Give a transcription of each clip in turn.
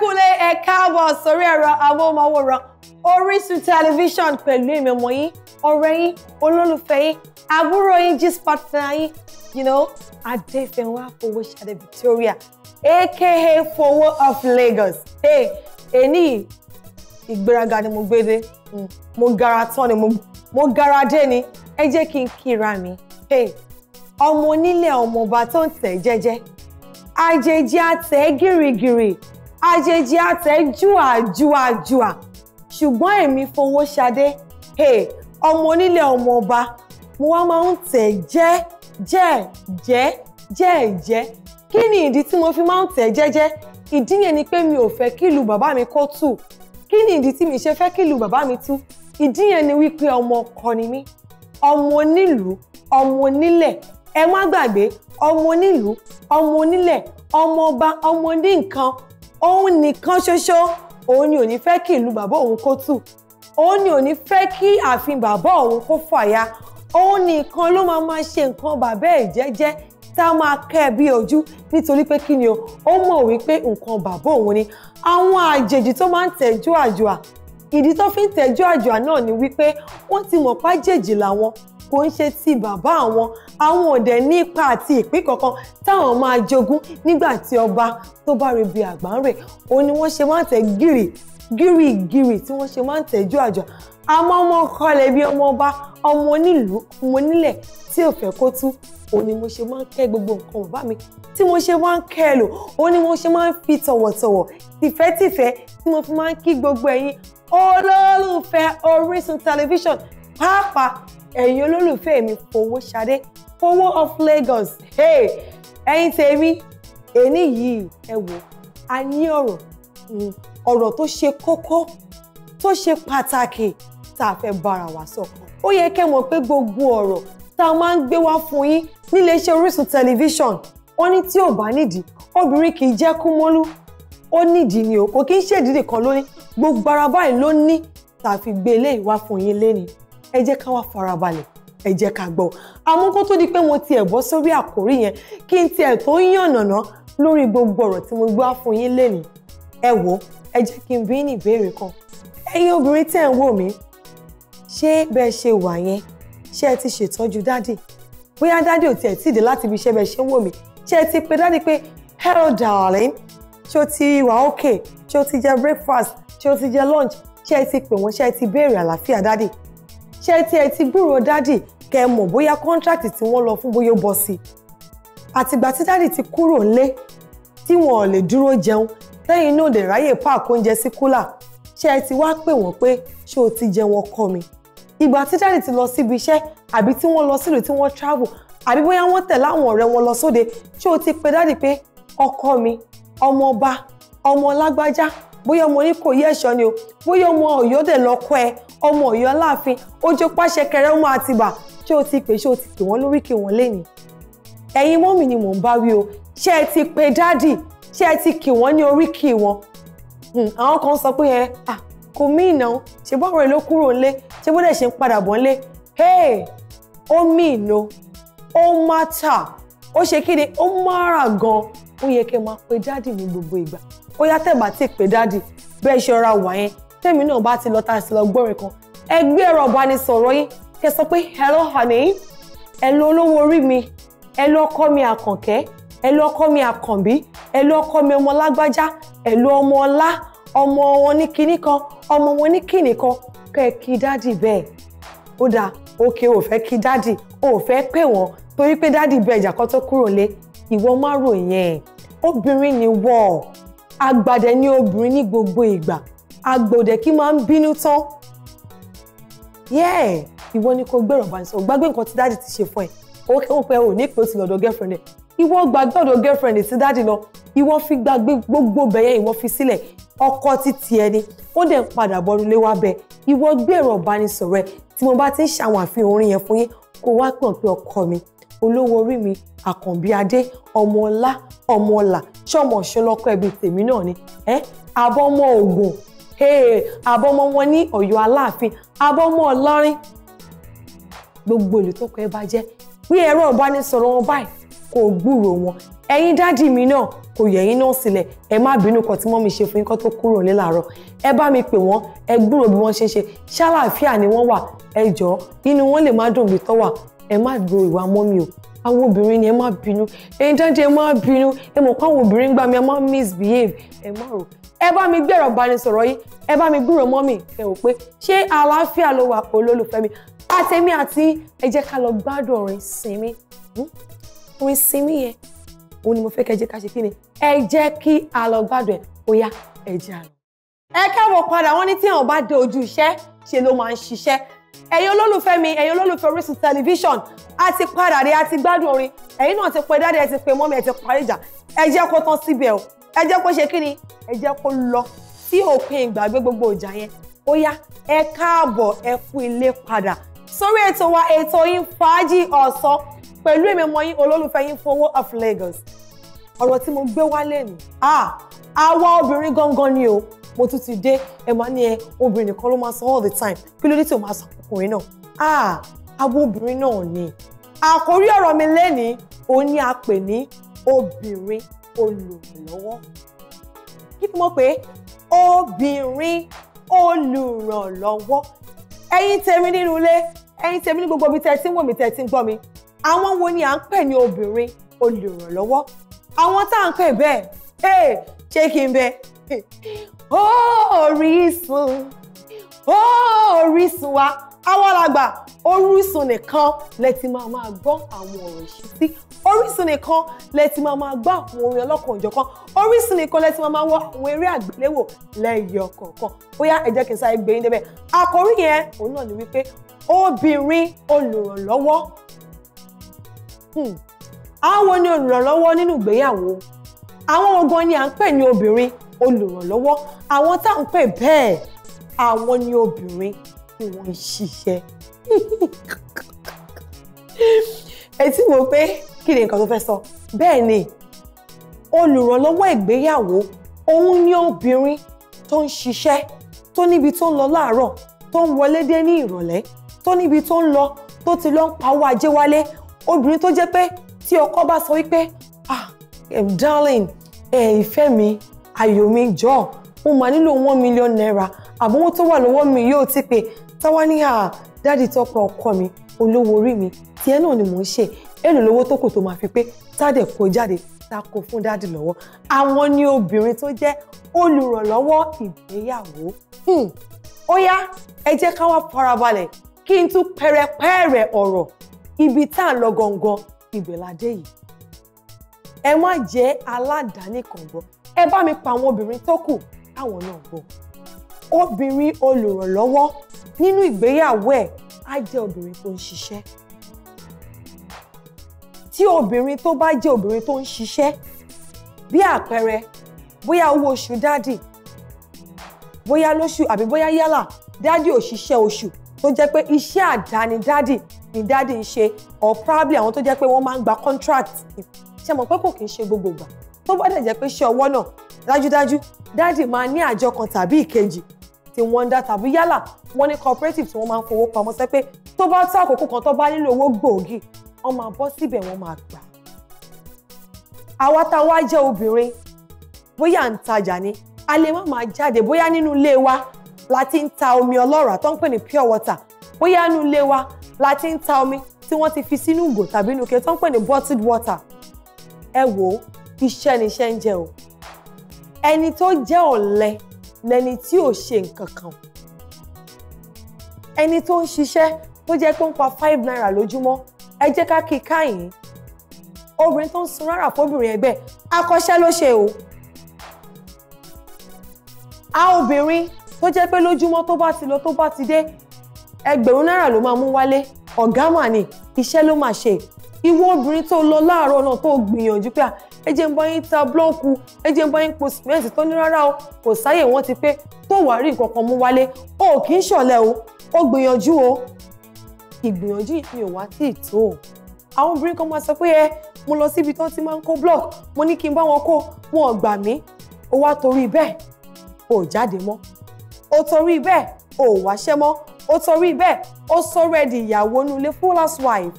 kúlé ẹ káàbọ̀ sórí ẹ̀rọ amóhùnmáwòrán Orísun tẹlifíṣàn pẹ̀lú ìmọ̀mọ́ yín ọ̀rẹ́ yín olólùfẹ́ yín àbúrò yín gist partner yín you know Adéfẹ́nwá Fowóṣadé Victoria aka Fowó of Lagos hey èní ìgbéraga ni mo gbé dé hmm, mo gara tán ni mo gara dé ni ẹ jẹ́ kí n kíra mi hey ọmọ onílẹ̀ ọmọọba tó ń tẹ̀ jẹ́jẹ́ àjèjì àtẹ̀ gírígírí àjèjì àtẹ jùà jùà jùà ṣùgbọ́n èmi fowó ṣadé ọmọ onílé ọmọ ọba mo wá máa ń tẹ̀ jẹ́ jẹ́ jẹ́ jẹ́ jẹ́ kí ni ìdí tí mo fi máa ń tẹ̀ jẹ́jẹ́ ìdí yẹn ni pé mi ò fẹ́ kí ìlú bàbá mi kó tù kí ni ìdí tí mi ṣe fẹ́ kí ìlú bàbá mi tú ìdí yẹn ni wípé ọmọ ọkọ ni mí ọmọ onílùú ọmọ onílẹ̀ ẹ má gbàgbé ọmọ onílùú ọmọ onílẹ̀ ọmọ ọba ọmọ oníǹkan òun nìkan ṣoṣo òun ni ò ní fẹ́ kí ìlú bàbá òun kó tù òun ni ò ní fẹ́ kí ààfin bàbá òun kó fàya òun nìkan ló máa máa ṣe nǹkan bàbá ẹ̀ jẹ́jẹ́ tá a máa kẹ́ ẹ bí ojú nítorí pé kí ni o ó mọ̀ wípé nǹkan bàbá òun ni àwọn àjèjì tó máa ń tẹ̀jú àjùà ìdí tó fi ń tẹ̀jú àjùà náà ni wípé wọ́n ti mọ̀ pájèjì làwọn kò ń ṣe ti bàbá àwọn àwọn òdẹ ní ipa àti ìpín kankan táwọn máa jogún nígbà tí ọba tó bá rí àgbà ń rè ó wọ́n ṣe máa ń tẹ̀ gírì gírì gírì tí wọ́n ṣe máa ń tẹ̀jú àjọ àmọ́ ọmọ kọlẹ̀ bí ọmọ ọba ọmọ onílùú ọmọ onílẹ̀ tí ò fẹ́ kó tú òun ni mo ṣe máa ń kẹ́ gbogbo nǹkan bàbá mi tí mo ṣe máa ń kẹ́ ẹ lò òun ni mo ṣe máa ń fi tọ̀wọ̀tọ̀wọ̀ tìfẹ́tìfẹ́ tí mo fi máa ń kí gbogbo ẹ̀yin olólùfẹ́ Orísun tẹlifíṣàn pàápàá ẹ̀yin olólùfẹ́ mi Fowóṣadé Fowó of Lagos ẹ̀yin tèmi èní yìí ẹ wò a ní ọ̀rọ̀ mm, ọ̀rọ̀ tó ṣe kókó tó ṣe pàtàkì tá a fẹ́ bára wa sọ ó yẹ kẹ́ mọ̀ pé gbogbo ọ̀rọ̀ tá a máa ń gbé wá fún yín níléeṣẹ́ Orísun tẹlifíṣọ̀n wọ́n ní tí ò bá nídìí obìnrin kì í jẹ́ kú mọ́lú ó nídìí ni o kò kí ń ṣèdídì kan lóní gbogbo ara báyìí ló ní tá a fi gbé eléyìí wá fún yín lénìí ẹ jẹ́ ká wá farabalẹ̀ ẹ jẹ́ ká gbọ́ àmọ́ kó tó di pé mo tiẹ̀ bọ́ sórí àkórí yẹn kí n tiẹ̀ tó yànnàná lórí gbogbo ọ̀rọ̀ tí mo gbé wá fún yín lénìí ẹ wò ẹ jẹ́ kí n bí ní ìbéèrè kan ẹ̀yin obìnrin tẹ́ ń wò mí ṣé bẹ́ẹ̀ ṣe wà yẹn ṣé ẹ ti ṣètọ́jú dádì bóyá dádì ò tiẹ̀ tíì dé láti ibi iṣẹ́ bẹ́ẹ̀ ṣe ń wò mí ṣé ẹ ti pe dádì pé hello darling ṣé o ti wà okay ṣé o ti jẹ breakfast ṣé o ti jẹ lunch ṣé ẹ ti pè wọ́n ṣé ẹ ti béèrè àlàáfíà dádì ṣé ẹ ti ẹ ti gbúròó dádì kẹ́ ẹ mọ̀ bóyá kọ́ńtrákì tí wọ́n lọ fún bóyá ó bọ́ sí i àtìgbà tí dádì ti kúrò lé tí wọn ò lè dúró jẹun lẹ́yìn náà lè ráyè páàkì oúnjẹ sí kúlà ṣé ẹ ti wá pè wọ́n pé ṣé o ti jẹun ọkọ mi ìgbà tí dádì ti lọ síbi iṣẹ́ àbí tí wọ́n lọ sílùú tí wọ́n travel àbí bóyá wọ́n tẹ̀lé àwọn ọ̀rẹ́ wọn lọ sóde ṣé o ti pe dádì pé ọkọ mi ọmọ ọba ọmọ lágbájá bóyá ọmọ oníkòyí ẹ̀ṣọ́ ni o bóyá ọmọ ọ̀yọ́dẹ̀ lọ́kọ́ ẹ ọmọ Ọ̀yọ́ aláàfin ó jẹ́ pàṣẹ kẹrẹ ọmọ Àtìbà ṣé o ti pè ṣé o ti pè wọ́n lóríkè wọn lẹ́yìn ẹ̀yin mọ́mì ni mò ń bá wí o ṣé ẹ ti pe dáàdì ṣé ẹ ti kì wọ́n ní oríkì wọn hmm, àwọn kan sọ pé yẹn eh, kò mí ìná ṣe bọ́ọ̀rọ̀ ló kúrò ńlé ṣé bó dẹ̀ ṣe ń padà bọ̀ ńlé ó mí ìná ó má tà ó ṣe kí ni ó mára gan ó yẹ kí ẹ máa pe dáàdì ní gbogbo ìgbà ó yá tẹ̀ bá ti pe dáàdì bẹ́ẹ̀ ṣọ́ra wà yẹn tèmi náà bá ti lọ tá a sì lọ gbọ́rin kan ẹ gbé ìbánisọ̀rọ̀ yín kẹ́ sọ pé hello honey hello olówó orí mi hello ọkọ mi àkànkẹ́ hello ọkọ mi àkànbí hello ọkọ mi ọmọ lágbájá hello ọmọ ọlá ọmọ wọn ní kinní kan ọmọ wọn ní kinní kan kẹ́ ẹ kí dádì bẹ́ẹ̀ ó dáa òkè ò fẹ́ kí dádì ò fẹ́ pè wọ́n torí pé dádì bẹ ìjà kan tó kúrò lé ìwọ má ròyìn ẹ̀ obìnrin ni wọ́ọ̀ àgbàdẹ ni obìnrin ní gbogbo ìgbà agbòdè kí máa ń bínú tán yẹ́ẹ̀ ìwọ ni kò gbẹ̀rọ̀ bá ń sọ gbàgbé nǹkan tí dáàdì ti ṣe fún ẹ owó kẹ́hún pé ò ní pé ó ti lọ́dọ̀ girlfriend ẹ̀ ìwọ gbàgbé ọ̀dọ̀ girlfriend ti dáàdì lọ ìwọ fi gbàgbé gbogbo bẹ̀yẹn ìwọ fi sílẹ̀ ọkọ títí ẹni ó dẹ̀ ń padà bọ́nu lé wá bẹ ìwọ gbẹ̀rọ̀ ìbánisọ̀rọ̀ ẹ tí mo bá ti ń ṣàwọn àfihàn orin yẹn fún yín kó wá pọ̀ pé ọkọ mi olówó orí mi àkànbí adé ọmọ ọlá ọmọ ọlà ṣọmọ ọṣọlọkọ ẹbí tèmi náà ni ẹ abọ́mọ ògùn àbọ̀mọ wọn ní ọ̀yọ́ aláàfin àbọ̀mọ ọlọ́rin gbogbo ìlú tó kọ ẹ bá jẹ́ pé ẹ̀rọ ìbánisọ̀rọ̀ wọn báyìí kò gbúrò wọn ẹ̀yin dádì mi náà kò yẹ̀yìn náà sílẹ̀ ẹ má bínú kan tí wọ́n mi ṣe fún yín kó tó kúrò ní làárọ̀ ẹ bá mi pè wọ́n ẹ gbúrò bí wọ́n ṣe ṣe ṣàlàáfíà ni wọ́n wà ẹ jọ̀ọ́ inú wọn lè má dùn bí tọ́wà ẹ má gbọ́ ìwà mọ́mí o àwọn obìnrin ni ẹ má bínú ẹ̀yin dáńdé ẹ má bínú ẹ mọ̀ pé àwọn obìnrin gbà mí ẹ má misbehave ẹ má rò ẹ bá mi gbẹ̀rọ̀ ìbánisọ̀rọ̀ yìí ẹ bá mi gbúrò mọ́ mi ẹ wò pé ṣé àlàáfíà ló wà olólùfẹ́ mi àtẹ̀mí àti ẹ jẹ́ ká lọ gbádùn orin sinmi hmm? orin sinmi yẹn òun ni mo fẹ́ kẹ́ jẹ́ ká ṣe kí ni ẹ jẹ́ kí a lọ gbádùn ẹ̀ ó yá ẹ jẹ́ àlọ́. ẹ káàbọ̀ padà wọ́n ní tí ẹ̀yin olólùfẹ́ mi ẹ̀yin olólùfẹ́ Orísun tẹlifíṣọ̀n a ti padà dé a ti gbádùn orin ẹ̀yin náà ti pẹ́ dáadé ẹ ti pẹ́ mọ́mí ẹ ti parí ìjà ẹ jẹ́ kó tán síbẹ̀ o ẹ jẹ́ kó ṣe kí ni ẹ jẹ́ kó lọ sí òpin ìgbàgbé gbogbo ìjà yẹn ó yá ẹ káàbọ̀ ẹ kú ilé padà sórí ètò wa ètò yín fàájì ọ̀sán pẹ̀lú èmi ọmọ yín olólùfẹ́ yín Fowó of Lagos ọ̀rọ̀ tí mo gbé wálé ni àwa obìnrin gangan ni o mo tún ti dé ẹ máa ní ẹ obìnrin nìkan ló máa san all the time kí ló dé tí o máa san ọkùnrin náà àwọn obìnrin náà ni àkórí ọ̀rọ̀ mi lẹ́nìí òun ni a pè ní obìnrin olùrànlọ́wọ́ kí ni mo pè é obìnrin olùrànlọ́wọ́ ẹ̀yin tèmi nínú ilé ẹ̀yin tèmi ní gbogbo ibi tẹ́ ti ń wò mí tẹ́ ti ń gbọ́ mi àwọn wo ni à ń pè ní obìnrin olùrànlọ́wọ́ àwọn tá à ń pè bẹ́ẹ̀ ṣé kí n bẹ Orísun Orísun wa àwa la gbà Orísun nìkan lẹ ti máa máa gbọ́ àwọn ọ̀rọ̀ ìṣítí Orísun nìkan lẹ ti máa máa gbọ́ àwọn orin ọlọ́kan òjọ̀kan Orísun nìkan lẹ ti máa máa wọ àwọn eré àgbéléwò lẹ́yọ kọ̀ọ̀kan bóyá ẹ jẹ́ kí n sáré gbé yín débẹ̀ àkòrí yẹn òun náà ni wípé obìnrin olùrànlọ́wọ́. Hmm àwọn wo ni olùrànlọ́wọ́ nínú ìgbéyàwó àwọn ogun ni à ń pè ní obìnrin olùrànlọ́wọ́ àwọn tá à ń pè bẹ́ẹ̀ àwọn ni obìnrin tí wọ́n ń ṣiṣẹ́ etí mo pé kí ni nǹkan tó fẹ́ sọ bẹ́ẹ̀ ni olùrànlọ́wọ́ ìgbéyàwó òun ni obìnrin tó ń ṣiṣẹ́ tó níbi tó ń lọ láàárọ̀ tó ń wọlé dé ní ìrọ̀lẹ́ tó níbi tó ń lọ tó ti lọ ń pawó ajé wálé obìnrin tó jẹ́ pé tí ọkọ bá sọ wípé ah eh, darling ẹ ìfẹ́ mi ayọ̀ mi jọ mo máa nílò one million naira àbówó tó wà lọ́wọ́ mi yóò ti pé táwa ní à dáàdì tọpẹ ọkọ mi olówó orí mi tiẹ̀ náà ni mò ń ṣe èlò lówó tó kù tó máa fi pé tádẹ kó jáde ta kó fún dáàdì lọ́wọ́ àwọn ni obìnrin tó jẹ́ olùrànlọ́wọ́ ìgbéyàwó hmm. ó yá ẹ jẹ́ ká wá farabalẹ̀ kí n tún pẹrẹpẹrẹ ọ̀rọ̀ ibi tá à lọ gangan ibẹ̀ la dé yìí ẹ má jẹ́ aládàáni kan gbọ́ ẹ bá mi pa àwọn obìnrin tó kù káwọn náà gbọ́ obìnrin olùrànlọ́wọ́ nínú ìgbéyàwó ẹ̀ á jẹ́ obìnrin tó ń ṣiṣẹ́ tí obìnrin tó bá jẹ́ obìnrin tó ń ṣiṣẹ́ bí àpẹẹrẹ bóyá owó oṣù dádì bóyá lóṣù àbí bóyá yálà dádì òṣìṣẹ́ oṣù tó jẹ́ pé iṣẹ́ àdáni dádì ni dáàdì ń ṣe or probably àwọn tó jẹ́ pé wọ́n máa ń gba contract ṣe mọ̀ pé kò kì í ṣe gbogbo gbà tó bá dẹ̀ jẹ́ pé ṣe ọwọ́ náà dájúdájú dáàdì máa ní àjọ kan tàbí ìkejì tí wọ́n ń dá tàbí yálà wọ́n ní cooperative tí wọ́n máa ń fowó pamọ́ sẹ́ pé tó bá tó àkókò kan tó bá nílò owó gbòógì wọ́n máa bọ́ síbẹ̀ wọ́n máa gbà. àwa tá a wá jẹ́ obìnrin bóyá à ń tajà ni a lè má máa jáde bóyá nínú ilé wa la ń ta omi ọlọ́ràá tó ń pè ní pure water bóyá nínú ilé wa Latin ti ń ta omi tí wọ́n ti fi sínú ìgò tàbí inú ike ń pè ní bottled water ẹ wò ó iṣẹ́ níṣẹ́ ń jẹ o ẹni tó jẹ́ ọ̀lẹ lẹni tí ò ṣe nǹkan kan ẹni tó ń ṣiṣẹ́ tó jẹ́ pé ń pa five naira lójúmọ́ ẹ jẹ́ ká kí i káyìn obìnrin tó ń sun rárá fóbìnrin ẹgbẹ́ akọ́ṣẹ́ ló ṣe o a obìnrin tó jẹ́ pé lójúmọ́ tó bá ti lọ tó bá ti dé ẹgbẹ̀rún náírà ló máa mú wálé ọ̀gá mà ní iṣẹ́ ló máa ṣe ìwọ obìnrin tó lọ láàárọ̀ náà tó gbìyànjú pé ẹ jẹ́ ń bá yín ta blọ́ọ̀kù ẹ jẹ́ ń bá yín po sìmẹ́ǹtì tó ní rárá o kò sáyè wọ́n ti pé tó wàá rí nǹkan kan mú wálé o kì í ṣọ̀lẹ o o gbìyànjú o ìgbìyànjú mi ò wá tí ì tó o àwọn obìnrin kan máa sọ pé ẹ mo lọ síbi tó ti máa ń kó block mo ní kí n bá wọn kó wọn ò gbà mí o wá torí bẹ́ẹ̀ o ò jáde mọ́ o torí bẹ́ẹ̀ ò wáṣẹ́ mọ́ ó torí bẹ́ẹ̀ ó sọ̀rọ̀ ẹ̀dì ìyàwó nulẹ̀ full housewife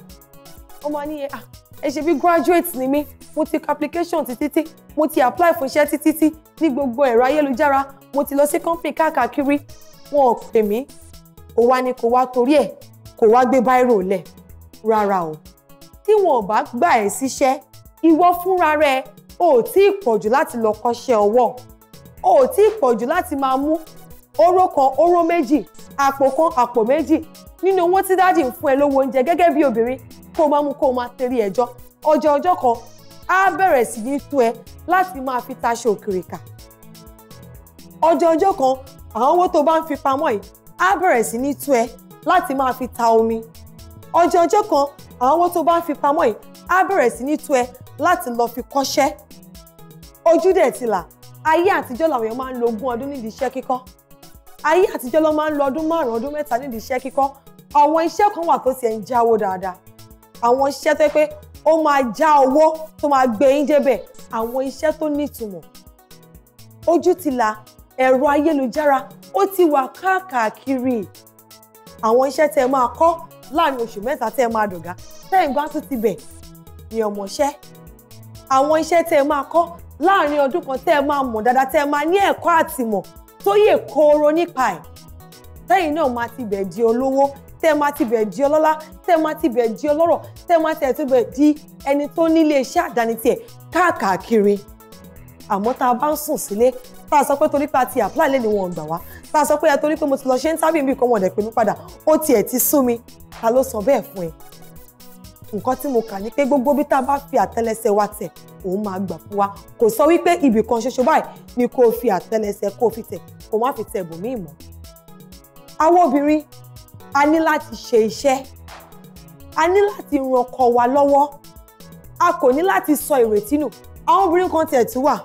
ó máa ní ah, ẹ ṣe bí graduate ni mí mo ti kọ application títí tí mo ti apply fún iṣẹ́ títí tí ní gbogbo ẹ̀rọ ayélujára mo ti lọ sí company káàkiri wọn ò pè mí kò wá ní kò wá torí ẹ̀ kò wá gbé báírò lẹ̀ rárá o tí wọn ò bá gbà ẹ́ síṣẹ́ ìwọ fúnra rẹ o ò tí ì pọ̀jù láti lọ kọ́ṣẹ́ ọwọ́ o ò tí ì pọ̀jù láti máa mú oró kan oró méjì àpò kan àpò méjì nínú owó tí dáàdì ń fún ẹ lówó oúnjẹ gẹ́gẹ́ bí obìnrin kó o máa mú kó o máa tẹrí ẹjọ́ ọjọ́ ọjọ́ kan á bẹ̀rẹ̀ sí ní tú ẹ láti máa fi taṣọ òkèrè kà ọjọ́ ọjọ́ kan àwọn owó tó bá ń fi pamọ́ yìí á bẹ̀rẹ̀ sí ní tú ẹ láti máa fi ta omi ọjọ́ ọjọ́ kan àwọn owó tó bá ń fi pamọ́ yìí á bẹ̀rẹ̀ sí ní tú ẹ láti lọ fi kọ́ṣẹ́ ojú dẹ̀ ti là ayé àtijọ́ làwọn èèyàn máa ń lo ogún ọdún nídìí iṣẹ́ kíkọ́ ayé àtijọ́ ló máa ń lo ọdún márùn-ún ọdún mẹ́ta nídìí iṣẹ́ kíkọ́ àwọn iṣẹ́ kan wà tó ti ẹ̀ ń jáwó dáadáa àwọn iṣẹ́ tó yẹ pé ó máa já owó tó máa gbé yín débẹ̀ àwọn iṣẹ́ tó nítumọ̀ ojú ti là ẹ̀rọ ayélujára ó ti wà káàkiri àwọn iṣẹ́ tẹ́ máa kọ́ láàrin oṣù mẹ́ta tẹ́ máa dọ̀gá tẹ́yìn bá tún ti bẹ̀ ní ọmọṣẹ́ àwọn iṣẹ́ tẹ́ máa kọ́ láàrin ọdún kan tẹ́ máa mọ̀ dáadáa tẹ́ máa ní ẹ̀kọ́ àtìmọ̀ tó yè kooro nípa ẹ̀ tẹ́yìn náà máa ti bẹ̀ di olówó tẹ́ máa ti bẹ̀ di ọlọ́lá tẹ́ máa ti bẹ̀ di ọlọ́rọ̀ tẹ́ máa ti ẹ̀tún bẹ̀ di ẹni tó nílé iṣẹ́ àdáni tiẹ̀ káàkiri àmọ́ tá a bá ń sùn sílé tá a sọ pé torí pé a ti apply lé ni wọn ò gbà wá tá a sọ pé a torí pé mo ti lọ ṣe ń tábìlì kan wọn dẹ̀ pè mí padà ó tiẹ̀ ti sú mi ta ló sọ bẹ́ẹ̀ fún ẹ nǹkan tí mo kà ní pé gbogbo bí tá a bá fi àtẹ́lẹsẹ̀ wa tẹ̀ òun máa gbà fún wa kò sọ wípé ibì kan ṣoṣo báyìí ni kò fi àtẹ́lẹsẹ̀ kò fi tẹ̀ kò má fi tẹ̀ bòmíì mọ́. àwọn obìnrin a ní láti ṣe iṣẹ́ a ní láti ran ọkọ wa lọ́wọ́ a kò ní láti sọ ìrètí nù àwọn obìnrin kan tiẹ̀ tún wà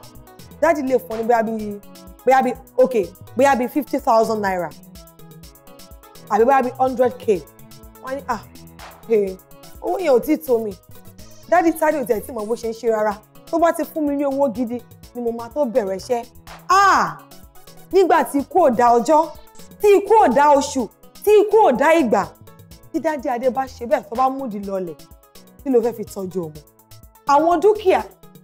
dáàdì lè fún ní bóyá bíi bóyá bíi ok bóyá bíi fifty thousand naira àbí bóyá bíi hundred k wọ́n ní ah hey owó yẹn ò tí ì tó mi dádì Tádé ò tiẹ̀ tí mọ̀ bó ṣe ń ṣe rárá tó bá ti fún mi ní owó gidi ni mo máa tó bẹ̀rẹ̀ iṣẹ́ ah nígbà tí ikú ò dá ọjọ́ tí ikú ò dá oṣù tí ikú ò dá ìgbà tí dádì Adé bá ṣe bẹ́ẹ̀ tó bá múdi lọlẹ̀ kí ló fẹ́ fi tọ́jú ọmọ àwọn dúkìá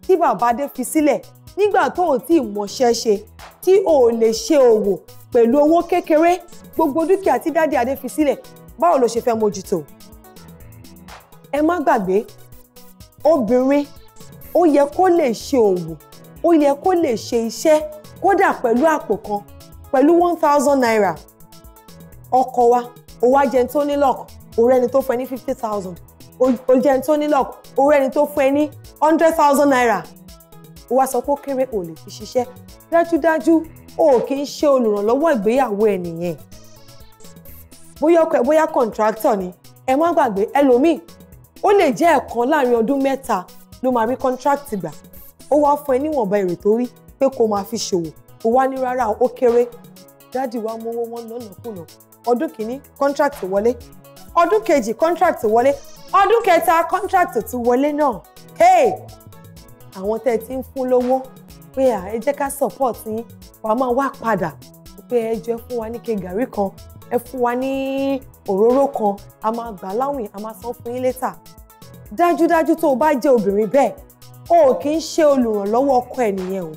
tí bàbá Adé fi sílẹ̀ nígbà tó ò tí ì mọṣẹ́ ṣe tí ò lè ṣe òwò pẹ̀lú owó kékeré gbogbo dúkìá tí dádì Adé fi sílẹ̀ báwo ló ṣe fẹ́ mójútó ẹ má gbàgbé obìnrin ó yẹ kó lè ṣe òwò ó yẹ kó lè ṣe iṣẹ́ kódà pẹ̀lú àpò kan pẹ̀lú one thousand naira ọkọ wa ó wá jẹun tó ní lọ́kàn òun ẹni tó fún ẹ ní fifty thousand ó jẹun tó ní lọ́kàn òun ẹni tó fún ẹ ní hundred thousand naira ó wá sọ pé ó kéré ò lè fi ṣiṣẹ́ dájúdájú o kì í ṣe olùrànlọ́wọ́ ìgbéyàwó ẹ nìyẹn bóyá ọkọ ẹ bóyá kọ̀ǹtráktọ̀ ni ẹ má gbàgbé ẹlòmíì ó lè jẹ́ ẹ̀kan láàrin ọdún mẹ́ta ló máa rí contract gbà ó wá fún ẹ níwọ̀nba èrè tó rí pé kó máa fi ṣòwò ó wá ní rárá ó kéré dáàdì wa mówó wọn lọ́nàkùnà ọdún kìíní contract wọlé ọdún kejì contract wọlé ọdún kẹta contract tún wọlé náà hey àwọn tẹ́ ẹ ti ń fún lówó pé ẹ jẹ́ ká support yín wàá máa wá padà pé ẹ jẹ́ fún wa ní ke gàrí kan ẹ fún wa ní òróró kan a máa gbà láwìn a máa san fún yín létà dájúdájú tó o bá jẹ́ obìnrin bẹ́ẹ̀ o ò kí ń ṣe olùrànlọ́wọ́ ọkọ ẹ̀ nìyẹn o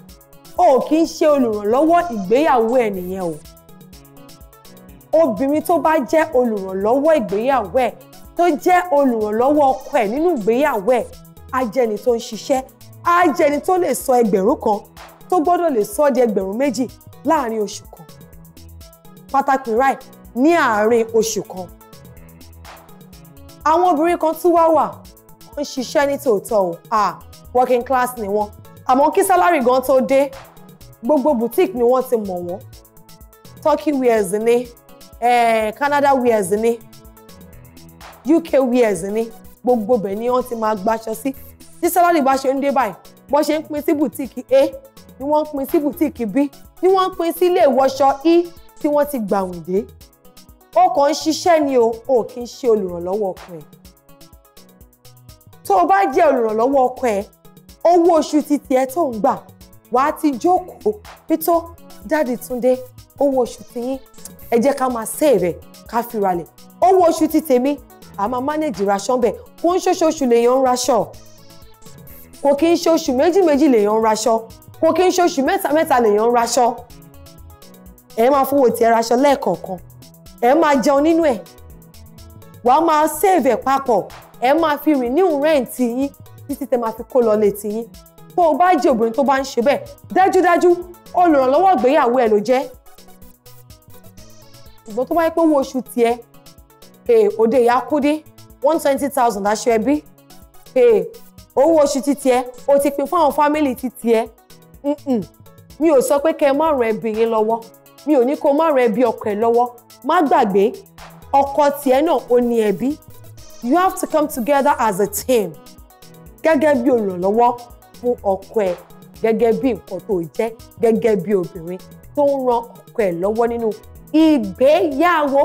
o ò kí ń ṣe olùrànlọ́wọ́ ìgbéyàwó ẹ̀ nìyẹn o obìnrin tó bá jẹ́ olùrànlọ́wọ́ ìgbéyàwó ẹ̀ tó jẹ́ olùrànlọ́wọ́ ọkọ ẹ̀ nínú ìgbéyàwó ẹ̀ á jẹni tó ń ṣiṣẹ́ á jẹni tó lè sọ ẹgbẹ̀rún kan tó gbọ́dọ̀ lè sọ ọ́ di ẹgbẹ̀rún méjì láàrin oṣù kan pàtàkì ráì ní àárín oṣù kan. àwọn obìnrin kan tún wá wà ń ṣiṣẹ́ ní tòótọ́ o ah working class ni wọ́n àmọ́ kí sálárì gan tó dé gbogbo boutique ni wọ́n ti mọ̀ wọ́n turkey wears ni eh, Canada wears ni UK wears ni gbogbo bẹ̀ ni wọ́n ti máa gbaṣọ sí tí sálárì bá ṣe ń dé báyìí bó ṣe ń pín sí boutique A ni wọ́n ń pín sí boutique B ni wọ́n ń pín sí ilé ìwọṣọ E tí wọ́n ti gbàwìn dé ó kàn ń ṣiṣẹ́ ni o ò kì í ṣe olùrànlọ́wọ́ ọkọ ẹ̀ tó o bá jẹ́ olùrànlọ́wọ́ ọkọ ẹ̀ owó oṣù titi ẹ tó ń gbà wàá ti jókòó pító dáàdì Túndé owó oṣù tiyín ẹ jẹ́ ká máa sé rẹ̀ ká fi ralẹ̀ owó oṣù ti tèmi a máa mánéjì raṣọ ń bẹ̀ kó ń ṣoṣooṣù lèèyàn ń raṣọ kò kí ń ṣoṣù méjì méjì lèèyàn ń raṣọ kò kí ń ṣoṣù mẹ́ta mẹ́ta lèèyàn ń raṣọ ẹ máa fowó tiẹ̀ raṣọ lẹ́ẹ̀kọ̀ọ̀kan ẹ máa jẹun nínú ẹ̀ wàá máa save ẹ̀ papọ̀ ẹ máa fi rìn ní rẹ́ǹtì yín títí tẹ máa fi kó lọ létí yín tó o bá jẹ́ obìnrin tó bá ń ṣe bẹ́ẹ̀ dájúdájú olùrànlọ́wọ́ ìgbéyàwó ẹ ló jẹ́ ṣùgbọ́n tó bá yẹ pé owó oṣù tiẹ̀ òde ìyá kúdí one twenty thousand aṣọ ẹbí owó oṣù títí ẹ o ti pín fún àwọn fámìlì títí ẹ mi ò sọ pé kẹ́ ẹ má ran ẹbí yín lọ́wọ́ mi ò ní kó má ran ẹbí ọkọ ẹ lọ́wọ́ má gbàgbé ọkọ tiẹ̀ náà ó ní ẹbí you have to come together as a team gẹ́gẹ́ bí olùrànlọ́wọ́ fún ọkọ ẹ gẹ́gẹ́ bí nǹkan tó jẹ́ gẹ́gẹ́ bí obìnrin tó ń ran ọkọ ẹ lọ́wọ́ nínú ìgbéyàwó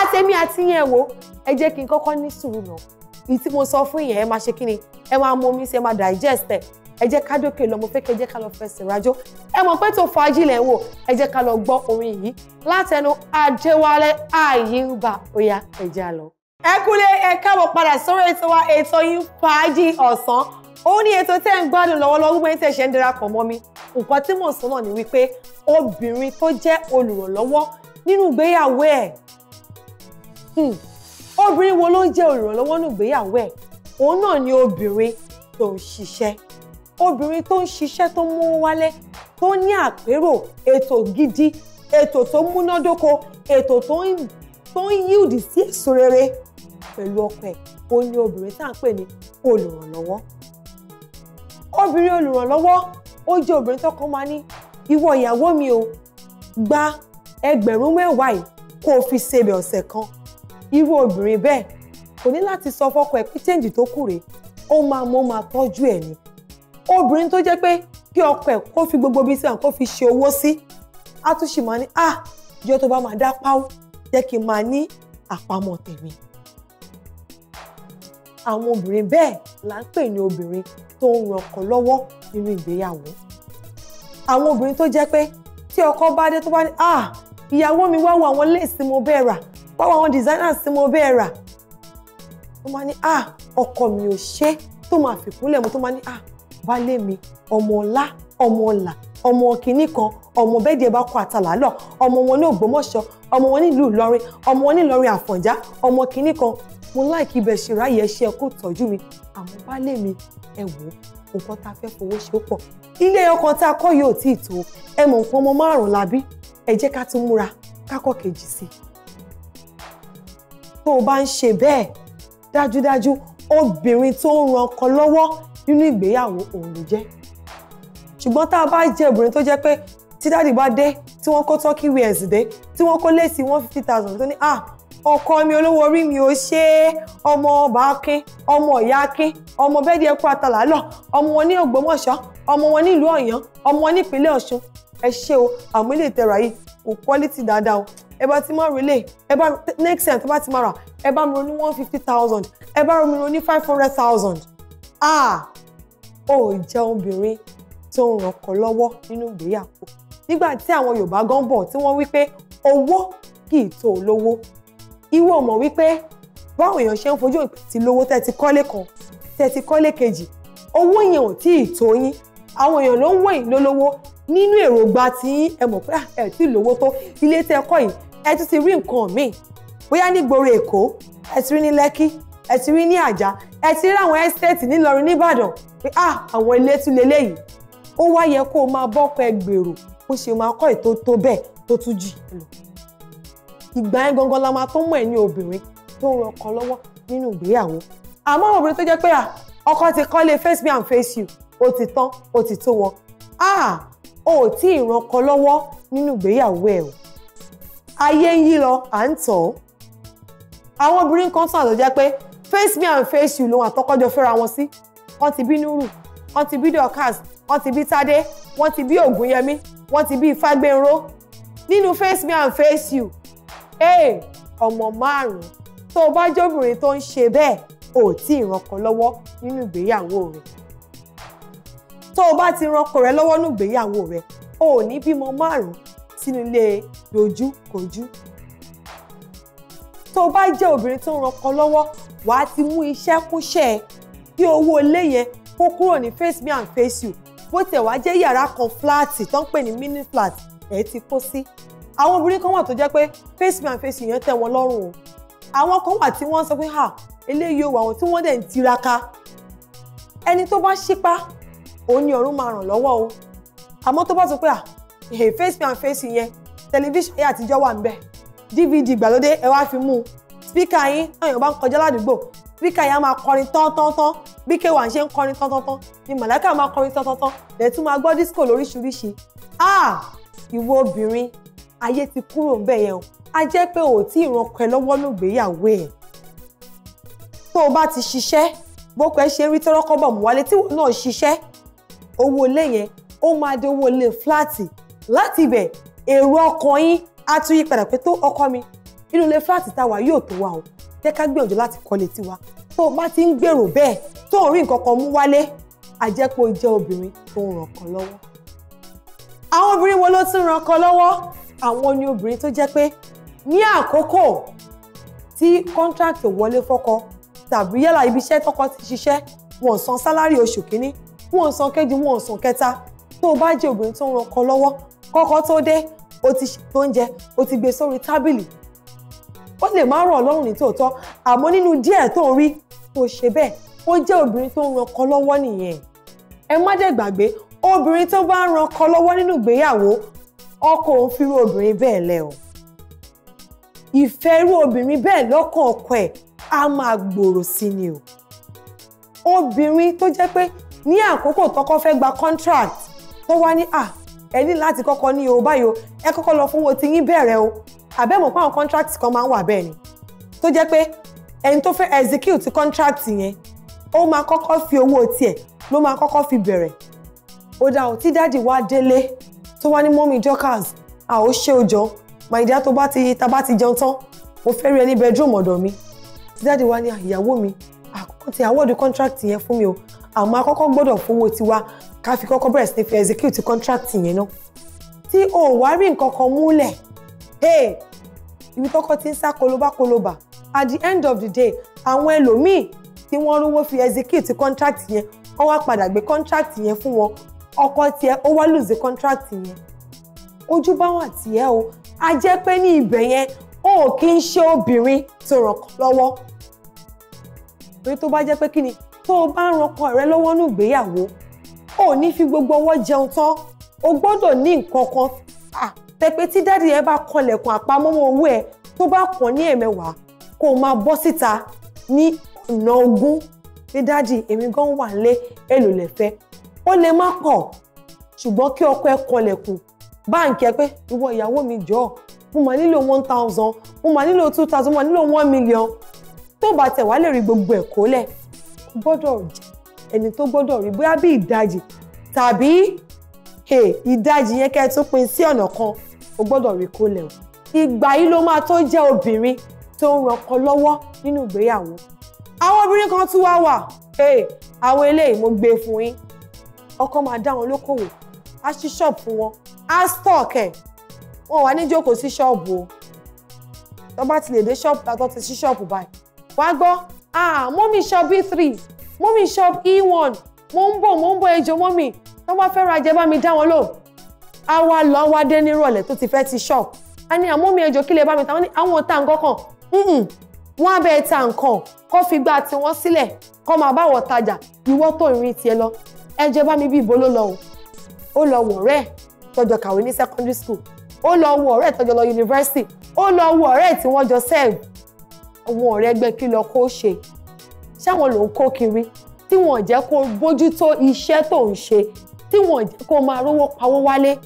àtẹ̀mí àti yẹn wò ẹ jẹ́ kí n kọ́kọ́ ní sùúrù náà ìtí mo sọ fún yẹn ẹ máa ṣe kí ni ẹ máa mú omi sí ẹ máa digest ẹ ẹ jẹ́ ká dókè lọ mo fẹ́ kẹ́ jẹ́ ká lọ fẹsẹ̀ rájò ẹ mọ̀ pé tó fàájì lẹ̀ ń wò ẹ jẹ́ ká lọ gbọ́ orin yìí látẹnu Adéwálé Àyìnbá ó yá ẹ já lọ. ẹ kúlé ẹ káàbọ̀ padà sórí ètò wa ètò yìí fàájì ọ̀sán ó ní ètò tẹ́ ń gbádùn lọ́wọ́lọ́wọ́ gbogbo ẹni ṣe ń darapọ̀ mọ́ mi nǹkan tí mò ń sọ náà ni wípé obìnrin tó jẹ́ olùrànlọ́wọ́ nínú ìgbéyàwó ẹ̀ hmm. obìnrin wo ló ń jẹ́ olùrànlọ́wọ́ nínú ìgbéyàwó ẹ̀ òun náà ni obìnrin tó ń ṣiṣẹ́ obìnrin tó ń ṣiṣẹ́ tó mú wálé tó ní àpérò ètò gidi ètò tó múnádóko ètò tó ń yíùdì sí èso rere pẹ̀lú ọkọ ẹ̀ ó ní obìnrin tá à ń pè ní olùrànlọ́wọ́ obìnrin olùrànlọ́wọ́ ó jẹ́ obìnrin tọkọ máa ní ìwọ ìyàwó mi o gba ẹgbẹ̀rún mẹ́wàá yìí kó o fi ṣebẹ̀ ọ̀sẹ̀ kan irú obìnrin bẹ́ẹ̀ kò ní láti sọ fọ́kọ ẹ̀ pé chẹ́ǹjì tó kù rèé ó máa mọ́ máa tọ́jú ẹ̀ ni obìnrin tó jẹ́ pé kí ọkọ ẹ̀ kó fi gbogbo bíi sàn kó fi ṣe owó sí á tún ṣì máa ní ah jọ tó bá máa dá páwó jẹ́ kí n máa ní àpamọ́ tèmi. àwọn obìnrin bẹ́ẹ̀ là ń pè ní obìnrin tó ń ran ọkọ lọ́wọ́ nínú ìgbéyàwó. àwọn obìnrin tó jẹ́ pé tí ọkọ bá dé tó bá ní ah ìyàwó mi wá wo àwọn léèsì mo bẹ́ẹ̀ rà wá wo àwọn designers tí mo bẹ́ẹ̀ rà. tó máa ní ah ọkọ mi ò ṣe tó máa fìkúnlẹ̀ mo tó máa ní ah baálé mi ọmọ ọlá ọmọ ọlà ọmọ kìíní kan ọmọ bẹ́ẹ̀dì ẹ bá kọ àtàlálọ̀ ọmọ wọn ní Ògbómọ̀ṣọ́ ọmọ wọn nílùú Ìlọrin ọmọ wọn nílọrin Àfọ̀njá ọmọ kìíní kan mo láìkí ibẹ̀ ṣe ráyè ẹṣẹ́ kó tọ́jú mi àmọ́ baálé mi ẹ wò ó nǹkan tá a fẹ́ fowó ṣe ó pọ̀ ilé ọkàn tá a kọ́ yóò tí ì tó ẹ mọ̀ nǹkan ọmọ márùn-ún la ẹ jẹ́ ká tún múra kákọ́ kejì sí i tó o bá ń ṣe bẹ́ẹ̀ dájúdájú obìnrin tó ń ran ọkọ lọ́wọ́ nínú ìgbéyàwó òun ló jẹ́ ṣùgbọ́n tá a bá jẹ́ obìnrin tó jẹ́ pé tí dáàdì bá dé tí wọ́n kó turkey wears dé tí wọ́n kó lẹ́sì one fifty thousand tó ní ah ọkọ mi olówó orí mi ò ṣe é ọmọ ọba akin ọmọ ìyá akin ọmọ bẹ́ẹ̀dì ẹkú atalà lọ ọmọ wọn ní Ògbómọ̀ṣọ́ ọmọ wọn nílùú Ọ̀yọ́ ọmọ wọn nípínlẹ̀ Ọ̀ṣun ẹ ṣe o àmọ́ ilé ìtẹ̀rà yìí kò quality dáadáa o ẹ bá ti máa relé ẹ bá next time tó bá ti máa rà ẹ bá mi ronú one fifty thousand ẹ bá mi ronú five hundred thousand ah ò jẹ́ obìnrin tó ń rànkọ́ lọ́wọ́ nínú ìgbéyàwó nígbà tí àwọn Yorùbá gan bọ̀ tí wọ́n wí pé owó kì í tó olówó ìwọ mọ̀ wípé báwọn èèyàn ṣe ń fojú ìpè tí lówó tẹ́ ti kọ́lé kan tẹ́ ti kọ́lé kejì owó yẹn ò tí ì tó yín àwọn èèyàn ló ń wọ̀nyí lólówó nínú èròǹgbà tí ẹ mọ̀ pé ẹ tí ì lówó tó ilé tẹ́ kọ́ yìí ẹ tún ti rí nǹkan míì bóyá ní gbòòrò Èkó ẹ ti rí ní Lẹ́kí ẹ ti rí ní àjà ẹ ti rí àwọn ẹ́stéètì nílọrin nìbàdàn pé ah àwọn ilé tún leléyìí ó wá yẹ kó o máa bọ́kọ ẹ gbèrò ó ṣe máa kọ́ ètò tó bẹ́ẹ̀ tó tún jì lọ. ìgbà yẹn gangan la máa tó mọ̀ ẹ́ ní obìnrin tó ń ran lọ́wọ́ nínú ìgbéyàwó àmọ́ obìnrin tó jẹ́ pé ah, ọkọ ti kọ́lé face me and face you ó ti tán ó ti tó wọn ah o ò tí ì ran ọkọ lọ́wọ́ nínú ìgbéyàwó ẹ̀ o ayé ń yí lọ àwọn obìnrin kan sàn ló jẹ́ pé face me and face you lòun àtọ́kọ́jọ fẹ́ra wọn sí wọ́n ti bí nuru wọ́n ti bí dorcas wọ́n ti bí tade wọ́n ti bí ògúnyẹmí wọ́n ti bí ifágbénró nínú face me and face you ee ọmọ márùn-ún tó o bá jóbìnrin tó ń ṣe bẹ́ẹ̀ ò tí ì rankan lọ́wọ́ nínú ìgbéyàwó rẹ̀ tó o bá ti rankan rẹ̀ lọ́wọ́ nínú ìgbéyàwó rẹ̀ o ò ní bímọ márùn-ún sínú ilé dojúkojú tó o bá jẹ́ obìnrin tó ń rankan lọ́wọ́ wàá ti mú iṣẹ́ kúnṣẹ́ kí owó ilé yẹn kó kúrò ní face me and face you bó tẹ̀ wá jẹ́ yàrá kan fúláàtì tó ń pè ní mini flat ẹ̀ ti kó sí àwọn obìnrin kan wà tó jẹ́ pé face me and face you yẹn tẹ́ wọn lọ́rùn o àwọn kan wà tí wọ́n sọ pé ha eléyìí o àwọn tí wọ́n dẹ̀ ń tiraka ẹni tó bá ṣípá òun ni ọ̀run máa ràn lọ́wọ́ o àmọ́ tó bá sọ pé eh, face me and face you yẹn tẹlifíṣàn yẹn àtijọ́ wà ń bẹ̀ dvd ìgbàlódé ẹ wá fi mú un spíkà yín táwọn èèyàn bá ń kọjá ládùúgbò spíkà yín á máa kọrin tọ́ntọ́ntọ́n bí kéwà ń ṣe ń kọrin tọ́ntọ́ntọ́n ni màláìkà máa kọrin tọ́ntọ́ntọ́n lẹ́ẹ̀ tún máa gbọ́ disco lóríṣiríṣi ah ìwọ obìnrin ayé ti kúrò ń bẹ̀ o a jẹ́ pé ò tí ìran kọ ẹ lọ́wọ́ ló gbéyàwó ẹ̀ tó o bá ti ṣiṣẹ́ bókọ ẹ ṣe ń rí tọ́rọ́kọ́ bọ̀ mú wálé tí wọn náà ṣiṣẹ́ owó ilé yẹn ó inú ilé fúláàtì táwa yóò tó wa o jẹ́ ká gbìyànjú láti kọ́lé tiwa tó o bá ti ń gbèrò bẹ́ẹ̀ tó o rí nǹkan kan mú wálé àjẹpọ̀ ìjẹ́ obìnrin tó ń ràn kan lọ́wọ́. àwọn obìnrin wo ló tún ràn kan lọ́wọ́ àwọn ni obìnrin tó jẹ́ pé ní àkókò tí kọ́ńtrákì wọlé fọ́kọ tàbí yálà ibi iṣẹ́ tọ́kọ ti ṣiṣẹ́ wọn san sálárì oṣù kínní wọn san kejì wọn san kẹta tó o bá jẹ́ obìnrin tó ń ràn kan lọ́wọ́ kọ́kọ́ tó dé o ti ṣètò oúnjẹ o ti gbé e sórí tábìlì ó lè má rọ̀ lọ́rùn ní tòótọ́ àmọ́ nínú díẹ̀ tó ń rí tó ṣe bẹ́ẹ̀ ó jẹ́ obìnrin tó ń ran ọkọ lọ́wọ́ nìyẹn ẹ má dẹ̀ gbàgbé obìnrin tó bá ń ran ọkọ lọ́wọ́ nínú ìgbéyàwó ọkọ òun fi irú obìnrin bẹ́ẹ̀ lẹ̀ o ìfẹ́ irú obìnrin bẹ́ẹ̀ lọ́kàn ọkọ ẹ̀ á máa gbòòrò sí ni o obìnrin tó jẹ́ pé ní àkókò tọkọ fẹ́ gba contract tó wá ní à ẹ ní láti kọ́kọ́ ní o báyìí o ẹ kọ́kọ́ lọ fún wo ti yín bẹ̀rẹ̀ o àbẹ́mọ̀ pé àwọn contract kan máa ń wà bẹ́ẹ̀ ni tó jẹ́ pé ẹni tó fẹ́ execute contract yẹn ó máa kọ́kọ́ fi owó tiẹ̀ ló máa kọ́kọ́ fi bẹ̀rẹ̀ ó dà ó tí dáàdì wá délé tó wá ní mọ́mí jokers à ó ṣe òjò màìdá tó bá ti ta bá ti jẹun tán mo fẹ́ rí ẹni bedroom ọ̀dọ̀ mi tí dáàdì wá ní ah, ìyàwó mi àkọ́kọ́ ti awọ́ọ̀dù contract yẹn fún mi o àmọ́ akọ́kọ́ gbọ́dọ̀ fowó tiwa ká fi kọ́kọ́ bẹ̀rẹ̀ sí fi execute contract yẹn náà tí o wá rí nǹkan kan múlẹ̀ hey ibi tọ́kọ ti ń sá koloba koloba at the end of the day àwọn ẹlòmíì tí wọ́n rówó fi execute contract yẹn wọ́n wá padà gbé contract yẹn fún wọn ọkọ tiẹ̀ ó wá lose contract yẹn ojú bá wà o a jẹ́ pé ní ibẹ̀ yẹn ó kì í ṣe obìnrin tó ràn kọ́ lọ́wọ́ torí tó bá jẹ́ pé kí ni tó o bá ń ranko rẹ lọ́wọ́ nù gbéyàwó ò ní fi gbogbo ọwọ́ jẹun tán o gbọ́dọ̀ ní nǹkan kan ah, tẹ́pẹ́ tí dáàdì ẹ bá kọlẹ̀kùn àpamọ́wọ́ owó ẹ tó bá kàn ní ẹ̀mẹ́wàá kó máa bọ́ síta ní ọ̀nà ogún pé dáàdì èmi gan wà lé èlò lẹ́fẹ́ ó lè má pọ̀ ṣùgbọ́n kí ọkọ ẹ kọlẹ̀kùn báǹkì ẹ pé ìwọ ìyàwó mi jọ̀ọ́ mo máa nílò one thousand mo máa nílò two thousand mo máa nílò one million tó bá tẹ̀ wá lè rí gbogbo ẹ̀ kó lẹ̀ gbọ́dọ̀ ẹni tó gbọ́dọ̀ rí bóyá bí ìdajì tàbí ìdajì yẹn kẹ́ ẹ tún pín sí ọ̀nà kan o gbọ́dọ̀ rí kólẹ̀ o ìgbà yìí ló máa tó jẹ́ obìnrin tó ń ràn kan lọ́wọ́ nínú ìgbéyàwó àwọn obìnrin kan tún wá wà àwọn eléyìí mo gbé e fún yín ọkọ máa dá wọn lókòwò á ṣí ṣọ́ọ̀bù fún wọn á stock ẹ̀ wọn wà ní jókòó sí ṣọ́ọ̀bù o tó bá ti lè dé ṣọ́ọ̀bù tàtọ́ ti ṣí ṣọ́ọ̀bù báyìí wá gbọ́ ah mọ́mì shop three mọ́mì shop e one mo ń bọ̀ mo ń bọ̀ ẹjọ́ mọ́mì tó bá fẹ́ ra jẹ mi dá wọn lò á wá lọ wá dé nírọ̀lẹ́ tó ti fẹ́ ti ṣọ́ọ̀bù a ní àmọ́ mi ẹjọ́ kí lè bá mi ta wọ́n ní àwọn ta nǹkan kan wọ́n á bẹ́ẹ̀ ta nǹkan kó fi gbá tiwọn sílẹ̀ kó máa báwọ̀ tajà ìwọ́ tó ìrìn tiẹ̀ lọ ẹ jẹ́ mi bí ibo ló lọ o ó lọ wọ̀ rẹ́ tọjọ kàwé ní secondary school ó lọ wọ̀ ọ̀rẹ́ tọjọ lọ university ó lọ wọ̀ ọ̀rẹ́ tí wọ́n jọ sẹ́ẹ̀bù àwọn ọ̀rẹ́ ẹgbẹ́ kí lọ kó ṣe ṣáwọn ló ń kó kiri tí wọ́n jẹ́ kó bójútó iṣẹ́ tó ń ṣe tí wọ́n kó máa rówó pawó wálé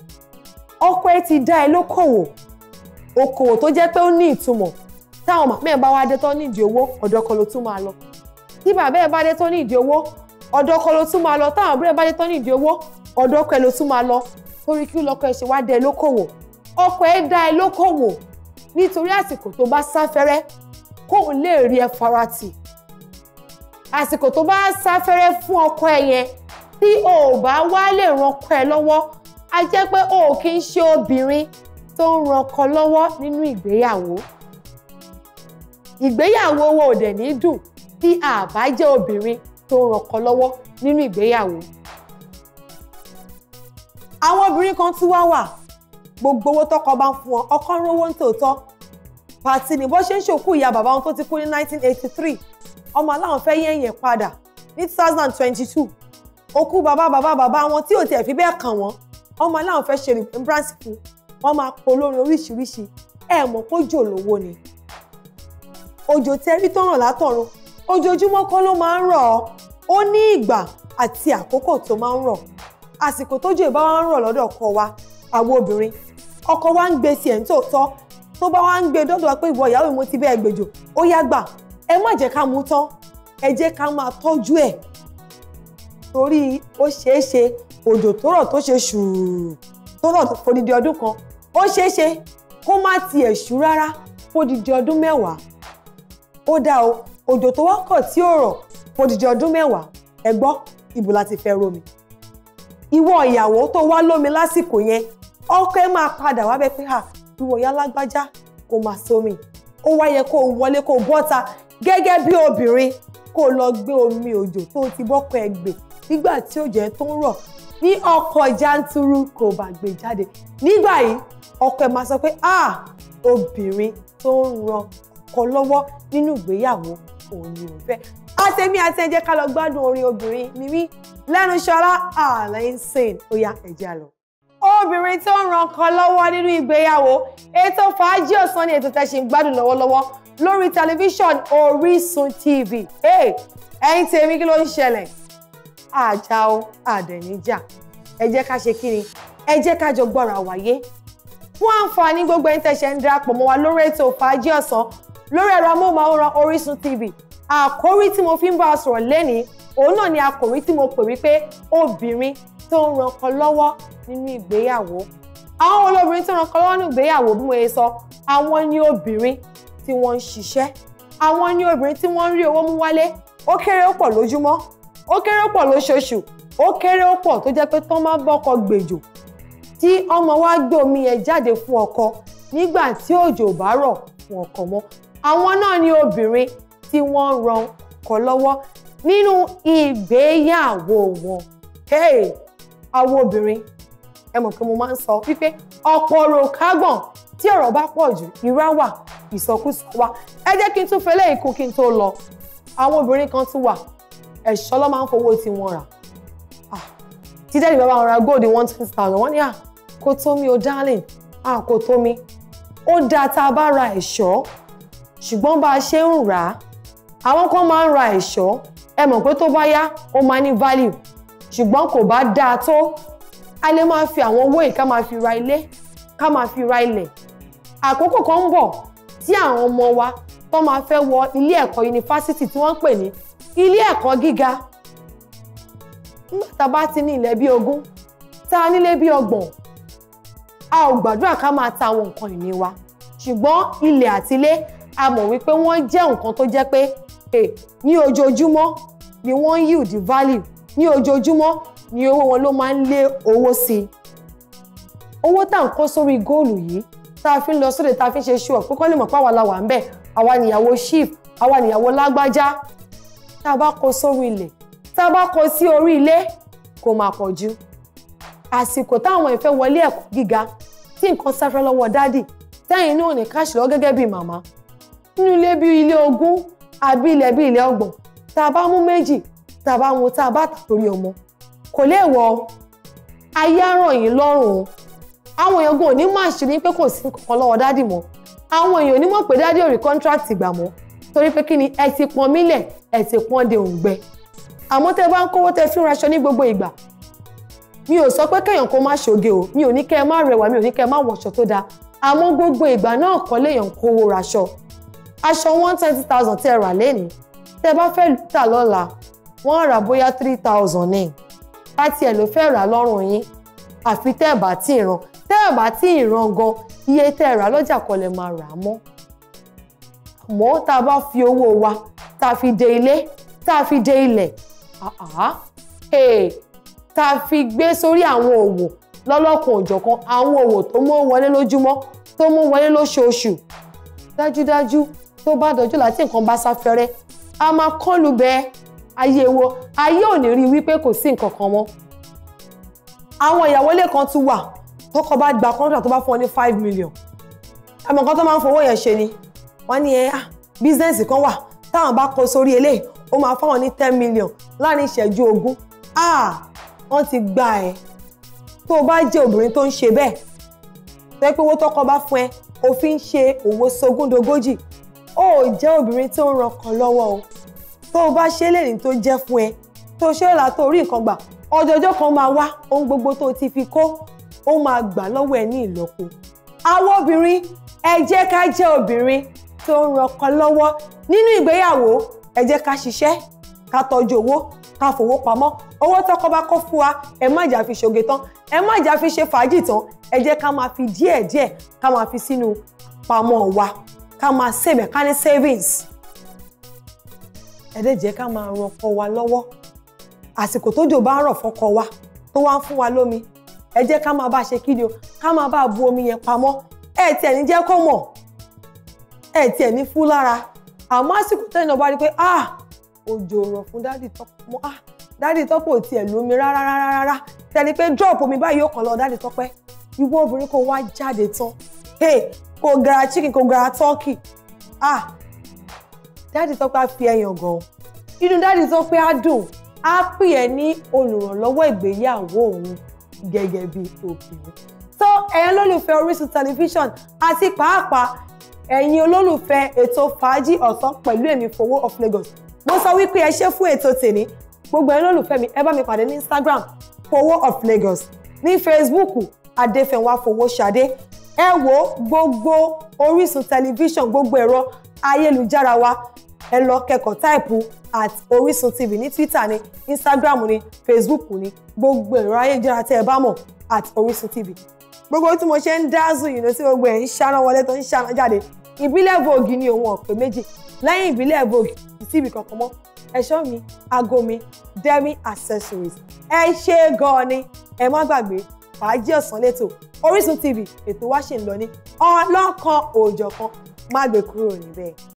ọkọ ẹ ti dá ẹ lókòwò okòwò tó jẹ́ pé ó ní ìtumọ̀ táwọn màmá ẹ bá wá dé tó nídìí owó ọ̀dọ̀ kan ló tún máa lọ tí bàbá ẹ bá dé tó nídìí owó ọ̀dọ̀ kan ló tún máa lọ táwọn àbúrò ẹ bá dé tó nídìí owó ọ̀dọ̀ ọkọ ẹ ló tún máa lọ torí kí lọkọ ẹ ṣe wá dá ẹ lókòwò ọkọ ẹ dá ẹ lókòwò nítorí àsìkò tó bá sáfẹ́rẹ́ kóun lè rí ẹ faratì àsìkò tó bá sáfẹ́rẹ́ fún ọkọ ẹ yẹn tí o ò bá wá lè ranko ẹ lọ́wọ́ a jẹ́ pé o ò kí ń ṣe obìnrin tó ń ranko lọ́wọ́ nínú ìgbéyàwó ìgbéyàwó wo ò dẹ̀ ní dùn tí a bá jẹ́ obìnrin tó ń ranko lọ́wọ́ nínú ìgbéyàwó àwọn obìnrin kan tún wá wà gbogbo owó tọkọ bá ń fún wọn ọkọ ń rówó ń tòótọ́ pàtì ní bó ṣe ń ṣòkú ìyá bàbá wọn tó ti kú ní 1983 ọmọ aláwọn fẹ́ yẹ̀yẹ̀ padà ní 2022 okú bàbá bàbá bàbá wọn tí ò tiẹ̀ fi bẹ́ẹ̀ kàn wọ́n ọmọ aláwọn fẹ́ ṣe remembrance kù wọ́n máa pọ̀ lórin oríṣiríṣi ẹ mọ̀ pójò lówó ni òjò tẹrí tọ̀ràn látọ̀run ojoojúmọ́ kọ́ ló máa ń rọ̀ ọ́ ó ní ìgbà àti àkókò tó máa ń rọ̀ àsìkò tójò ìbá wa ń rọ̀ lọ́dọ̀ ọkọ wa àwọn obìnrin ọkọ wa ń gbé tiẹ̀ ń tòótọ́ tó bá wa ń gbé dọ́dọ̀ wa pé ìwọ ìyàwó mi mo ti bẹ́ẹ̀ gbèjò ó yá gbà ẹ má jẹ́ ká mú tán ẹ jẹ́ ká máa tọ́jú ẹ̀ torí ó ṣeé ṣe òjò tó rọ̀ tó ṣe ṣùrù tó rọ̀ fòdìdí ọdún kan ó ṣeé ṣe kó má tiẹ̀ ṣú rárá fòdìdí ọdún mẹ́wàá ó dá o òjò tó wọ́pọ̀ tí ó rọ̀ fòdìdí ọdún mẹ́wàá ẹ gbọ́ ibù láti fẹ́ romi ìwọ ìyàwó tó wá lómi lásìkò yẹn ọkọ ẹ máa padà wá bẹ pé à ìwọ ìyá lágbájá kò máa sómi ó wá yẹ kó o wọlé kó o bọ́ta gẹ́gẹ́ bí obìnrin kó o lọ gbé omi òjò tó ti bọ́kọ ẹ gbè nígbà tí òjò tó ń rọ̀ bí ọkọ̀ janturu kò bá gbé jáde nígbà yìí ọkọ ẹ̀ máa sọ pé ah obìnrin tó ń ran ọkọ lọ́wọ́ nínú ìgbéyàwó òun ni òun fẹ́ àtẹ̀mí àti ẹ̀jẹ̀ ká lọ gbádùn orin obìnrin mímí lẹ́nu ṣọlá àlẹ́sìn ó yá ẹ̀jẹ̀ àlọ́. obìnrin tó ń ran ọkọ lọ́wọ́ nínú ìgbéyàwó ètò fàájì ọ̀sán ni ètò tẹ̀sí gbádùn lọ́wọ́lọ́wọ́ lórí tẹlifíṣàn Orísun TV ẹ̀yin tèmi kí ló ń ṣẹlẹ̀ àjà o àdẹ̀níjà ẹ jẹ́ ká ṣe kíni ẹ jẹ́ ká jọ gbọ́ra wáyé fún àǹfààní gbogbo ẹni tẹ̀sẹ̀ ń darapọ̀ mọ́ wa lórí ètò fàájì ọ̀sán lórí ẹ̀rọ amóhùnmáwòrán Orísun TV àkórí tí mo fi ń bá a sọ̀rọ̀ lẹ́nìí òun náà ni àkòrí tí mo pè wípé obìnrin tó ń ranko lọ́wọ́ nínú ìgbéyàwó àwọn olóbìnrin tó ń ranko lọ́wọ́ nínú ìgbéyàwó bí mo ṣe sọ àwọn ni obìnrin tí wọ́n ń ṣiṣẹ́ àwọn ni obìnrin tí wọ́n ń rí owó mú wálé ó kéré ó pọ̀ lójúmọ́ ó kéré pọ̀ lóṣooṣù ó kéré pọ̀ tó jẹ́ pé tí wọ́n máa ń bọ́kọ gbèjò tí ọmọ wa gbé omi yẹn jáde fún ọkọ nígbà tí òjò bá rọ̀ fún ọkọ mọ́ àwọn náà ni obìnrin tí wọ́n ran ọkọ lọ́wọ́ nínú ìgbéyàwó wọn àwọn obìnrin ẹ mọ̀ pé mo máa ń sọ wípé ọ̀pọ̀ rò kágbọ̀n tí ọ̀rọ̀ bá pọ̀ jù irá wà ìsọkúsọ wà ẹ jẹ́ kí n tún fẹlẹ́ ikú kí n tó lọ àwọn obìnrin kan tún wà ẹ̀ṣọ́ ló máa ń fowó ah, tí wọ́n rà títẹ́ ìbá bá wọn gold one two thousand wọ́n ní à ah, kò tó mi o darling à ah, kò tó mi ó dáa tá a bá ra ẹ̀ṣọ́ ṣùgbọ́n bá a ṣe ń rà á àwọn kan máa ń ra ẹ̀ṣọ́ ẹ mọ̀ pé tó bá yá ó máa ní value ṣùgbọ́n kò bá dáa tó a lè máa fi àwọn owó yìí ká máa fi ra ilé ká máa fi ra ilẹ̀ àkókò kan ń bọ̀ tí àwọn ọmọ wa tó máa fẹ́ wọ ilé ẹ̀kọ́ yunifásítì tí wọ́n pè ní ilé ẹ̀kọ́ gíga nígbà tá a bá ti ní ilẹ̀ bíi ogún tá a nílé bíi ọgbọ̀n a ò gbàdúrà ká máa ta àwọn nǹkan ìní wa ṣùgbọ́n ilẹ̀ àtilé a mọ̀ wípé wọ́n jẹ́ nǹkan tó jẹ́ pé ní ojoojúmọ́ ni wọ́n ń yield value ní ojoojúmọ́ ni owó wọn ló máa ń lé owó sí i owó tá à ń kó sórí góòlù yìí tá a fi ń lọ sóde tá a fi ń ṣe ṣùọ̀ pé kọ́ lè mọ̀ pé àwa la wà ń bẹ̀ àwa nìyàwó chief àwa nìyàwó lágbájá tá a bá kó sórí ilẹ̀ tá a bá kó sí orí ilé kò máa pọ̀ jù àsìkò táwọn ìfẹ́ wọlé ẹ̀kọ́ gíga tí nǹkan sáfẹ́ lọ́wọ́ dádì tẹ́yìn náà ní káṣí lọ gẹ́gẹ́ bíi màmá nínú ilé bíi ilé ogún àbí ilẹ̀ bíi ilẹ̀ ọgbọ̀n tá a bá mú méjì tá a bá wọn tá a bá tàtórí ọmọ kò lè wọ ayé àràn yìí lọ́rùn o àwọn èèyàn gan ò ní máa ṣe ní pé kò sí nǹkan kan lọ́wọ́ dádì mọ́ àwọn èèyàn ò ní mọ̀ pé dádì ò rí kọ́ńtráàtì gbà mọ́ torí pé kí ni ẹ ti pọn mílẹ̀ ẹ ti pọn de òǹgbẹ àmọ́ tẹ́ bá ń kówó tẹ́ fi ń raṣọ ní gbogbo ìgbà mi ò sọ pé kéèyàn kó má ṣoge o mi ò ní kẹ́ ẹ má rẹwà mi ò ní kẹ́ ẹ má wọṣọ tó dáa àmọ́ gbogbo ìgbà náà kọ́ léèyàn kówó raṣọ aṣọ one twenty thousand tẹ́ rà lẹ́nìí tẹ́ bá fẹ́ tà lọ́la wọ́n rà bóyá three thousand ní láti ẹ̀ ló fẹ́ rà lọ́rùn yín àfi tẹ́ ẹ̀ bá tí ì ran tẹ́ ẹ̀ bá tí ì ran gan iye tẹ́ ẹ̀ rà lọ́jà kọ́ lẹ́ máa rà á mọ́ àmọ́ tá a bá fi owó wa tá a fi de ilé tá a fi de ilẹ̀ tá a fi gbé sórí àwọn òwò lọ́lọ́kan òjọ̀kan àwọn òwò tó mọ́ wọlé lójúmọ́ tó mọ́ wọlé lóṣooṣù dájúdájú tó bá dọjọ́ láti nǹkan bá sáfẹ́rẹ́ a máa kọ́lù bẹ́ẹ̀ ayé wo ayé ò ní rí wípé kò sí nǹkan kan mọ́ àwọn ìyàwó ilé kan tún wà tọ́kọ bá gba kọ́ńtà tó bá fún ọ ní five million ẹ̀mọ̀kan tó máa ń fowó yẹn ṣe ni wọ́n ní ẹ eh, ah, bísínẹ́sì kan wà táwọn bá kó sórí eléyìí ó máa fáwọn ní ten million láàrin ìṣẹ́jú ogún ah, wọ́n ti gba ẹ̀ tó o bá jẹ́ obìnrin tó ń ṣe bẹ́ẹ̀ tó yẹ pé owó tọkọ bá fún ẹ o fi ń ṣe òwò sógúndogójì ó jẹ́ obìnrin tó ń rankan lọ́wọ́ o tó o bá ṣe lẹ́yìn tó jẹ́ fún ẹ tó ṣe ọ̀la tó rí nǹkan gbà ọjọ́jọ́ kan máa wá ohun gbogbo tó ti fi kó ó máa gbà lọ́wọ́ ẹ ní ìlọ́po àwọn obìnrin ẹ jẹ́ ká jẹ́ obìnrin tó ń rọkọ lọ́wọ́ nínú ìgbéyàwó ẹ jẹ́ ká ṣiṣẹ́ ká tọ́jú owó ká fowó pamọ́ owó tọ́kọ bá kó fún wa ẹ má jà fi ṣoge tán ẹ má jà fi ṣe fàájì tán ẹ jẹ́ ká máa fi díẹ̀ díẹ̀ ká máa fi sínú pamọ́ wa ká máa sèmẹ̀ ká ní savings ẹ dẹ̀ jẹ́ ká máa ran ọkọ wa lọ́wọ́ àsìkò tójò bá ń rọ̀ fọ́kọ wa tó wá ń fún wa lómi ẹ jẹ́ ká máa bá ṣe kí ni o ká máa bá bu omi yẹn pamọ́ ẹ tiẹ̀ ní jẹ́ kó mọ̀ ẹ̀ tiẹ̀ ní fún lára àmọ́ àsìkò tẹ́yìn náà bá rí pé ah òjò rọ̀ fún dádì tọ́pọ̀ ah dádì tọ́pọ̀ ò tiẹ̀ lómi rárá rárá rárá tẹ́ni pé drop omi báyìí ó kàn lọ dádì tọ́pẹ́ ìwọ obìnrin kò wá jáde tán hey kò gara chicken kò gara turkey ah dádì tọ́pẹ́ á fi ẹyàn gan inú dádì tọ́pẹ́ á dùn á pè ẹ́ ní olùrànlọ́wọ́ ìgbéyàwó òun gẹ́gẹ́ bí obìnrin. so ẹ̀yàn lólùfẹ́ Orísun tẹlifíṣàn àti pàápàá ẹ̀yin olólùfẹ́ ètò fàájì ọ̀sán pẹ̀lú èmi Fowó of Lagos mo sọ wípé ẹ ṣé fún ètò tèmi gbogbo ẹ̀yin olólùfẹ́ mi ẹ bá mi pàdé ní Instagram Fowó of Lagos ní Facebook Adéfẹ́nwá Fowóṣadé ẹ wo gbogbo Orísun tẹlifíṣàn gbogbo ẹ̀rọ ayélujára wa ẹ lọ kẹ́kọ̀ọ́ táìpù at Orísun TV ní Twitter ní Instagram ní Facebook ní gbogbo ẹ̀rọ ayélujára tẹ́ ẹ bá mọ̀ at Orísun TV gbogbo tí mo ṣe ń dáàzù yìí ló tí gbogbo ẹ̀ ń ṣáná wọlé tó ń ṣáná jáde ìbílẹ̀ vogue ni òun ọ̀pẹ méjì lẹ́yìn ìbílẹ̀ vogue kò sí ibi kankan mọ́ ẹ̀ṣọ́ mi aago mi demi accessories ẹ ṣe gan-an ni ẹ má gbàgbé fàájì ọ̀sán lẹ́tọ̀ Orísun TV ètò wa ṣì ń lọ ní ọlọ́kan òòjọ̀kan má gbé kúrò níbẹ̀.